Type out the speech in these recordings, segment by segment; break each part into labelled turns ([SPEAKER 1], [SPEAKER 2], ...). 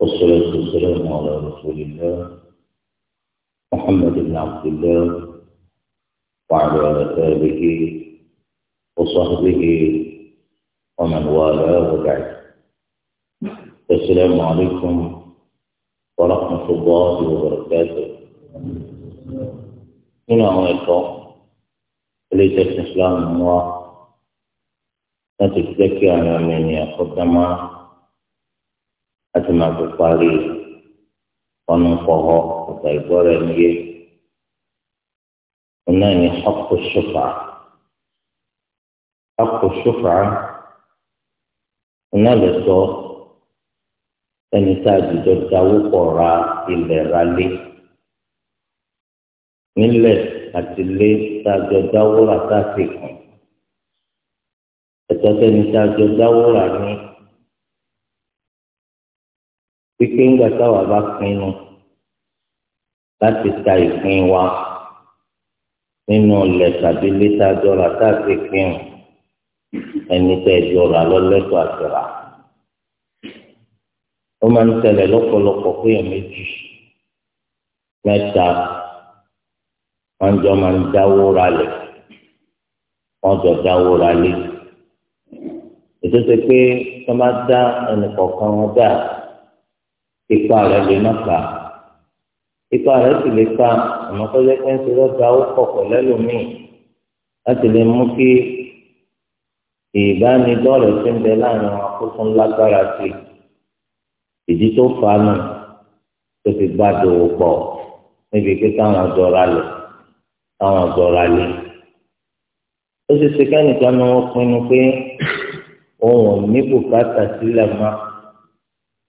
[SPEAKER 1] والصلاة والسلام على رسول الله محمد بن عبد الله وعلى آله وصحبه ومن والاه وبعد السلام عليكم ورحمة الله وبركاته هنا عليكم ليس الإسلام هو أن تتذكر أن من يقدم láti máa fi parí ọ̀nà pọ̀họ́ ọ̀gá ìgbọ́ra ẹni yé ọ̀nà ní ọkọ̀ ṣùfà ọkọ̀ ṣùfà ọ̀nà lè sọ ẹni tá a jùjọ dáwó pọ̀ ra ilẹ̀ ra lé nílẹ̀ àti lé tá a jọ dáwó rà tá a sì ẹ̀tọ́ sẹ́ni tá a jọ dáwó rà ní pípé ńgbà táwa bá pinnu láti ta ìpín wa nínú ilẹ̀ tàbí lítà dọ́là táàtì pín ẹni tẹ́ ìjọra lọ́lẹ́tọ̀ àtìrà. ó máa ń tẹ̀lé lọ́pọ̀lọpọ̀ pé méjì mẹ́ta wọ́n jọ máa ń dáwó ralẹ̀ wọ́n jọ dáwó ralẹ̀ ètò ti pé wọ́n máa dá ẹnì kọ̀ọ̀kan wọn dáa ipa rẹ̀ lè má ka ipa rẹ̀ sì lè ka àmọ́ kọjá pé ń ṣe lọ́ta ó kọ̀kọ̀ lẹ́lòmíì láti lè mú kí ìbánidọ́rẹ̀ tí ń bẹ láàrin wọn kó tún lágbára sí i ìdí tó fa nù tó fi gbàdúró pọ̀ níbi pé káwọn ọ̀dọ́ra lẹ̀ káwọn ọ̀dọ́ra lẹ̀ ó sì ṣe kẹ́nìkan ni wọ́n pinnu pé òun ò ní bùkátà sílẹ̀ máa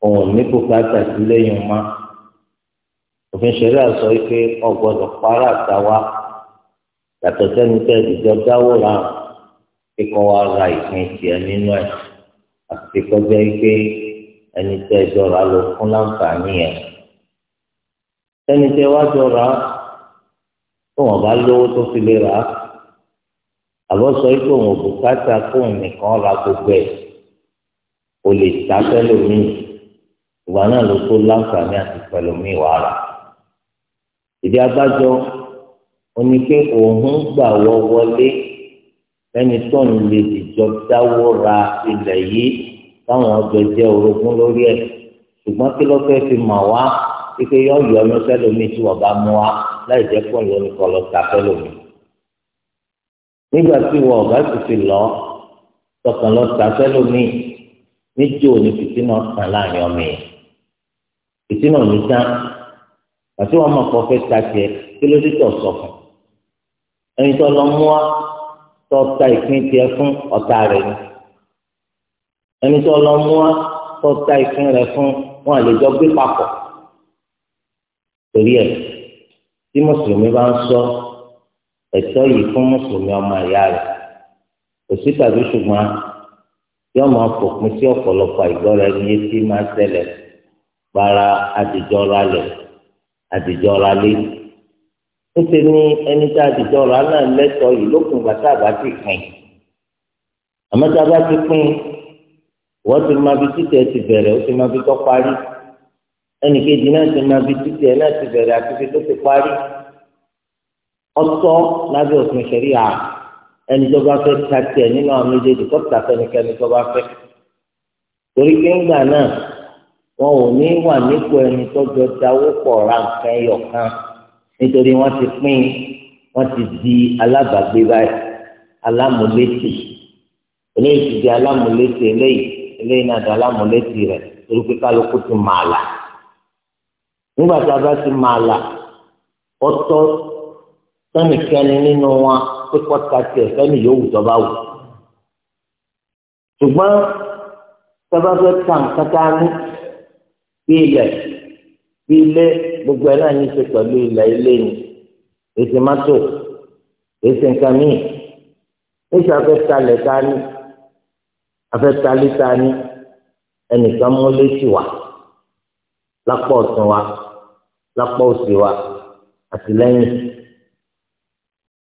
[SPEAKER 1] òun ní kó káàtà sí lẹ́yìn ọmọ òfin ṣẹlẹ̀ àsọ wípé ọgbọ́dọ̀ para àtàwa yàtọ̀ sẹ́ni tẹ́ ìdíjọ dáwọ́ ra kíkọ́ wa ra ìpín tiẹ̀ nínú ẹ̀ àti kọjá wípé ẹni tẹ́ ìjọ ra ló fún láǹfààní ẹ̀ sẹ́ni tẹ́ wá jọ ra tó wọ́n bá lówó tó fi lè rà á àbọ̀ sọ wípé òun ò bùkátà nìkan ra gbogbo ẹ̀ kò lè ta fẹ́ lómìn ìgbà náà ló tó láǹfààní àti pẹ̀lú mi wàhálà ìdí abájọ oní pé òun gbà wọ wọlé ẹni tó ń lè dìjọ dáwọ́ ra ilẹ̀ yìí táwọn ọjọ́ jẹ́ orogún lórí ẹ̀ ṣùgbọ́n kí ló fẹ́ fi mọ̀ wá pípé yọ yọ ọmọ sẹ́lómi tí wọ́n bá mú wa láì jẹ́ pọ̀ lónìí kọ́ lọ ta sẹ́lómi. nígbà tí wọ́n ọ̀gá sì fi lọ tọkàn lọ ta sẹ́lómi níjó ní fìtínà kan láàrin ọmọ yẹn ìsínà ní tán àti wọn máa kọ fẹ́ ta tiẹ̀ kí ló dé tọ̀ sọ fún ẹni tó lọ mú wa tó ta ìpín tiẹ̀ fún ọ̀tá rẹ̀ ni ẹni tó lọ mú wa tó ta ìpín rẹ̀ fún wọn àlejò gbé papọ̀ torí ẹ̀ tí mùsùlùmí bá ń sọ ẹ̀tọ́ yìí fún mùsùlùmí ọmọ ìyá rẹ̀ òsì tàbí ṣùgbọ́n yóò máa fòpin sí ọ̀pọ̀lọpọ̀ àìgbọ́ra ẹni yé tí máa ṣẹlẹ̀ para àdìjọra lẹ̀ àdìjọra lé ó ti ní ẹni tí àdìjọra náà l'ẹtọ yìí lókun bá ti pín àmọ́ bá ti pín wọ́n ti máa fi títẹ ti bẹ̀rẹ̀ ó ti máa fi tọ́ parí ẹnì kejì náà ti ti àti fi tó ti parí òfin ṣẹlẹ à ẹni tó bá ta nínú torí pé náà. wọn ò ní wà nípò ẹni tọjọ dáwó pọ̀ ra nǹkan kan nítorí wọ́n ti pín wọ́n ti di alábàgbé báyìí alámúlétì eléyìí ti di alámúlétì eléyìí eléyìí náà di alámúlétì rẹ̀ torí pé kálukú ti máa là nígbà tí a bá ti máa là ọ̀tọ̀ sẹ́nìkẹ́ni nínú wọn pé pọ́tàkì ẹ̀ sẹ́nì yóò wù tó bá wù ṣùgbọ́n sábà fẹ́ tà ń kátà ní bí ilẹ̀ bí ilé gbogbo ẹ̀ náà ní í ṣe pẹ̀lú ilẹ̀ ilé ni èsì mọ́tò èsì nǹkan míì èsì afẹ́talẹ̀ ta ni afẹ́talẹ̀ ta ni ẹnìkan múlé sí wa lápá ọ̀tún wa lápá òsì wa àtìlẹ́yìn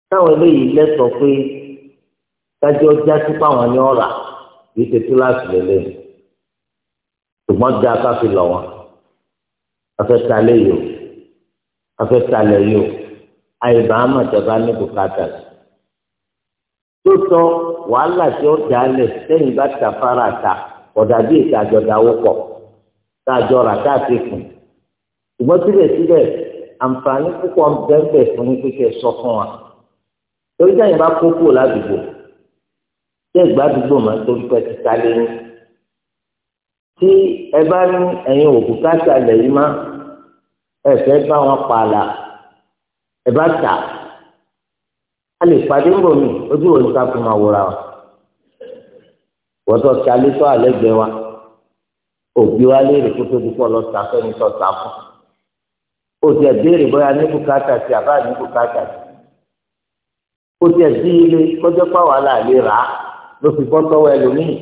[SPEAKER 1] táwọn eléyìí lẹ́tọ̀ọ́ pé dájọ́ já sí fáwọn ní ọ̀rà kì í ṣe túláàsì lélẹ́yìn ṣùgbọ́n da ká fi lọ̀ wọ́n afẹ́ ta lé yìí o afẹ́ ta lẹ̀ yìí o àyèbá àmàjọba ní bùkátà tó sọ wàhálà tí ó dá lẹ̀ sẹ́yìn bá ta fara ta ọ̀dà bíi ìtajọ dáwó pọ̀ táàjọ rà táàtì kù ṣùgbọ́n síbẹ̀síbẹ̀ àǹfààní púpọ̀ bẹ́ẹ̀ fún kíkẹ́ sọ fún wa torí sẹ́yìn bá kókó ládùúgbò ṣé ìgbàdúgbò máa ń torí pẹ́ ti ta lé yín tí ẹ bá ní ẹ̀yin òbúkátà lẹ́yìn má ẹ fẹ́ bá wọn pààlà ẹ bá tà á lè pàdé ń bò mí ojú wo ni ká fún máa wòra wa wọ́tọ̀ tí alẹ́ tó alẹ́ gbẹ wa òbí wa léèrè kó tó dúpọ̀ lọ sá fẹ́ni tó sá fún o tiẹ̀ béèrè bóyá ní bùkátà sí àbá ní bùkátà sí o tiẹ̀ dí ilé kọjọ́ pàwọ́ àlàyé rà ló fi bọ́ sọ́wọ́ ẹlòmíì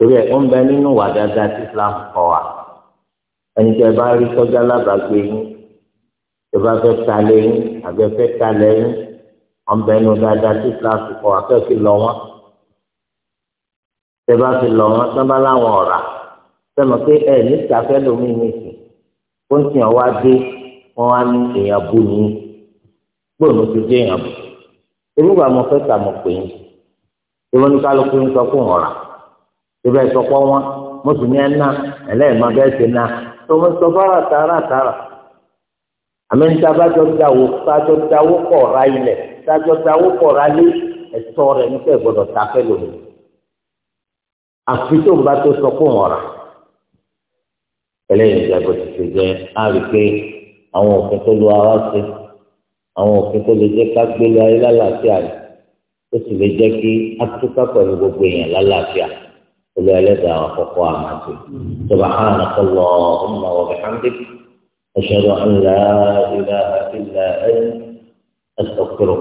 [SPEAKER 1] torí ẹ̀ ń bẹ nínú wà dáadáa tí Islam kọ́ wa ẹni tẹ́ bá rí sọ́jà lábàgbé yín tẹ́ bá fẹ́ ta lẹ́yìn àbẹ́ fẹ́ ta lẹ́yìn ń bẹ nínú dáadáa tí Islam kọ́ wa fẹ́ fi lọ wọ́n tẹ́ bá fi lọ wọ́n tẹ́ bá láwọn ọ̀rà sẹ́mi pé ẹ̀ níta fẹ́ lómi nìsín ó ń tiẹ̀ wá dé wọ́n wá ní èèyàn bù ní gbòòrò ti dé èèyàn bù irúgbà mo fẹ́ ta mo pè é ìwọ ní kálukú ń sọ fún ọ̀rà síbẹ̀ sọpọ̀ wọn mùsùlùmí ẹ̀ ná ẹlẹ́ẹ̀mọ bẹ́ẹ̀ ṣe ná tó ń sọ fara tààrà tààrà àmì ń ta bájọ́ dáwó bájọ́ dáwó kọ̀ ra ilẹ̀ bájọ́ dáwó kọ̀ ra lé ẹ̀tọ́ rẹ̀ nípa ìgbọ́dọ̀ ta fẹ́ lòmí àfi tó ń bá tó sọ fún ọ̀rà ẹlẹ́yìn ìjàgbọ́ ti ṣe jẹ́ àrí pé àwọn òfin tó lu ara ṣe àwọn òfin tó lè jẹ́ ká gbélé ayé lálàáfíà rẹ̀ ó sì lè jẹ́ kí á túká gbogbo èèyàn lálàáfíà rẹ̀. ولالذا وفقوا عمته سبحانك اللهم وبحمدك أشهد أن لا إله إلا أنت أستغفرك